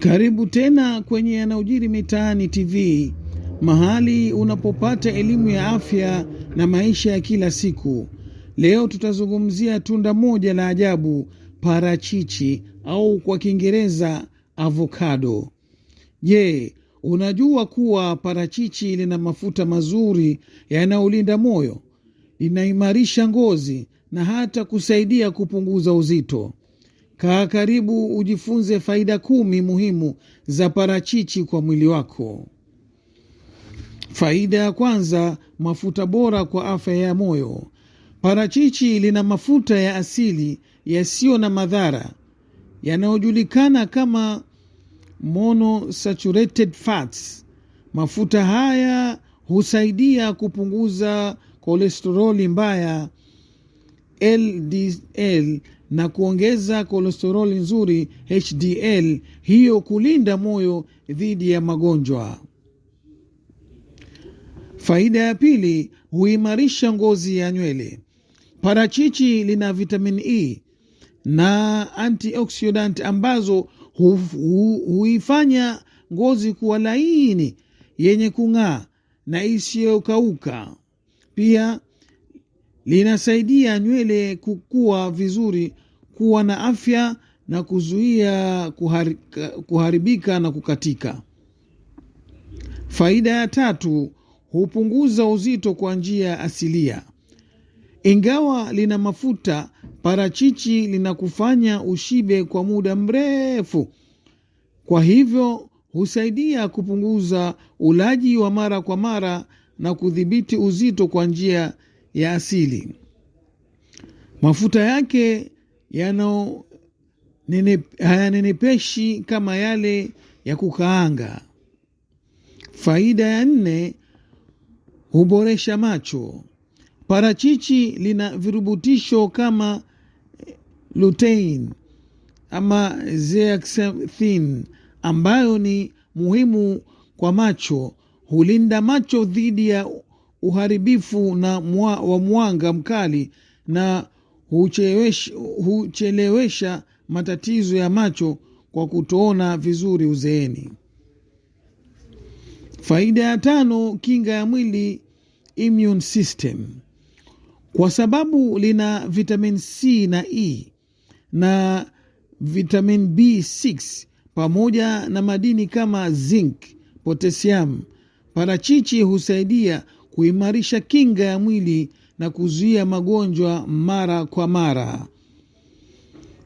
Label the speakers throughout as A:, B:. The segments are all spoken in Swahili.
A: Karibu tena kwenye yanayojiri mitaani TV, mahali unapopata elimu ya afya na maisha ya kila siku. Leo tutazungumzia tunda moja la ajabu, parachichi au kwa Kiingereza avocado. Je, unajua kuwa parachichi lina mafuta mazuri yanayolinda moyo, linaimarisha ngozi na hata kusaidia kupunguza uzito? Kaa karibu ujifunze faida kumi muhimu za parachichi kwa mwili wako. Faida ya kwanza, mafuta bora kwa afya ya moyo. Parachichi lina mafuta ya asili yasiyo na madhara yanayojulikana kama monounsaturated fats. Mafuta haya husaidia kupunguza kolesteroli mbaya LDL na kuongeza kolesteroli nzuri HDL, hiyo kulinda moyo dhidi ya magonjwa. Faida ya pili, huimarisha ngozi ya nywele. Parachichi lina vitamin E na antioxidant ambazo huifanya ngozi kuwa laini yenye kung'aa na isiyokauka. Pia linasaidia nywele kukua vizuri, kuwa na afya na kuzuia kuharika, kuharibika na kukatika. Faida ya tatu, hupunguza uzito kwa njia asilia. Ingawa lina mafuta, parachichi linakufanya ushibe kwa muda mrefu, kwa hivyo husaidia kupunguza ulaji wa mara kwa mara na kudhibiti uzito kwa njia ya asili. Mafuta yake hayanenepeshi kama yale ya kukaanga. Faida ya nne, huboresha macho. Parachichi lina virubutisho kama eh, lutein ama zeaxanthin ambayo ni muhimu kwa macho. Hulinda macho dhidi ya uharibifu na mwa, wa mwanga mkali na huchelewesha, huchelewesha matatizo ya macho kwa kutoona vizuri uzeeni. Faida ya tano, kinga ya mwili immune system, kwa sababu lina vitamin C na E na vitamin B6 pamoja na madini kama zinc, potassium. Parachichi husaidia kuimarisha kinga ya mwili na kuzuia magonjwa mara kwa mara.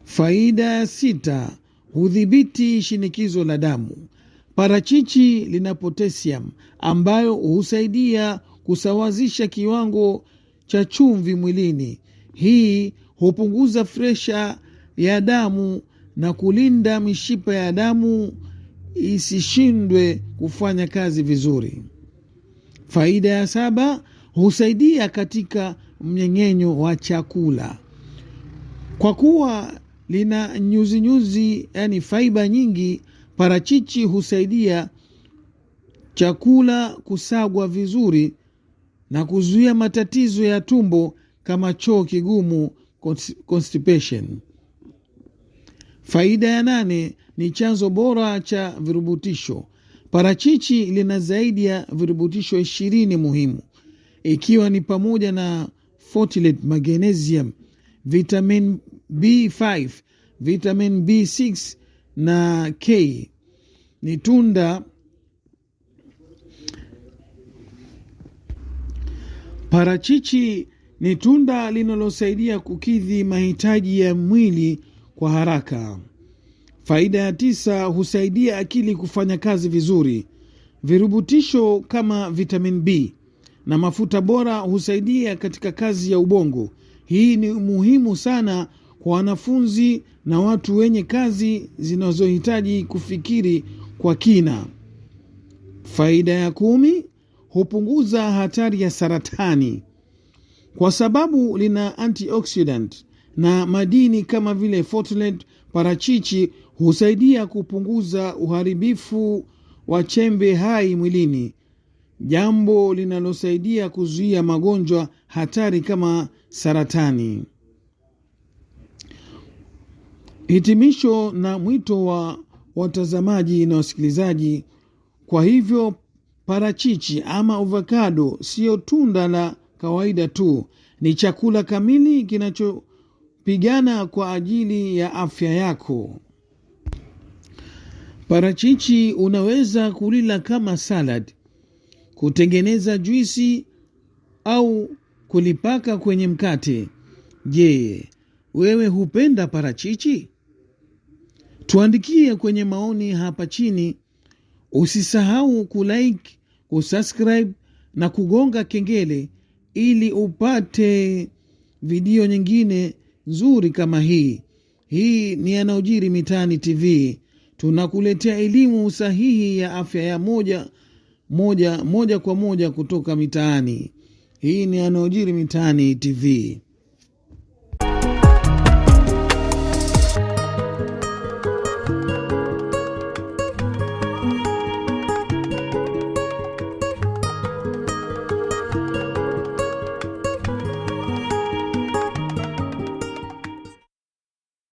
A: Faida ya sita, hudhibiti shinikizo la damu. Parachichi lina potasiamu ambayo husaidia kusawazisha kiwango cha chumvi mwilini. Hii hupunguza presha ya damu na kulinda mishipa ya damu isishindwe kufanya kazi vizuri. Faida ya saba, husaidia katika mnyengenyo wa chakula kwa kuwa lina nyuzinyuzi, yani faiba nyingi. Parachichi husaidia chakula kusagwa vizuri na kuzuia matatizo ya tumbo kama choo kigumu, constipation. Faida ya nane ni chanzo bora cha virubutisho. Parachichi lina zaidi ya virutubisho ishirini muhimu ikiwa ni pamoja na folate, magnesium, vitamin B5, vitamin B6 na K. Ni tunda parachichi ni tunda linalosaidia kukidhi mahitaji ya mwili kwa haraka. Faida ya tisa, husaidia akili kufanya kazi vizuri. Virubutisho kama vitamin B na mafuta bora husaidia katika kazi ya ubongo. Hii ni muhimu sana kwa wanafunzi na watu wenye kazi zinazohitaji kufikiri kwa kina. Faida ya kumi, hupunguza hatari ya saratani kwa sababu lina antioxidant na madini kama vile folate parachichi husaidia kupunguza uharibifu wa chembe hai mwilini, jambo linalosaidia kuzuia magonjwa hatari kama saratani. Hitimisho na mwito wa watazamaji na wasikilizaji. Kwa hivyo, parachichi ama avocado siyo tunda la kawaida tu, ni chakula kamili kinacho Pigana kwa ajili ya afya yako. Parachichi unaweza kulila kama salad, kutengeneza juisi au kulipaka kwenye mkate. Je, wewe hupenda parachichi? Tuandikie kwenye maoni hapa chini. Usisahau kulike, kusubscribe na kugonga kengele ili upate video nyingine nzuri kama hii. Hii ni yanayojiri mitaani TV. Tunakuletea elimu sahihi ya afya ya moja moja moja kwa moja kutoka mitaani. Hii ni yanayojiri mitaani TV.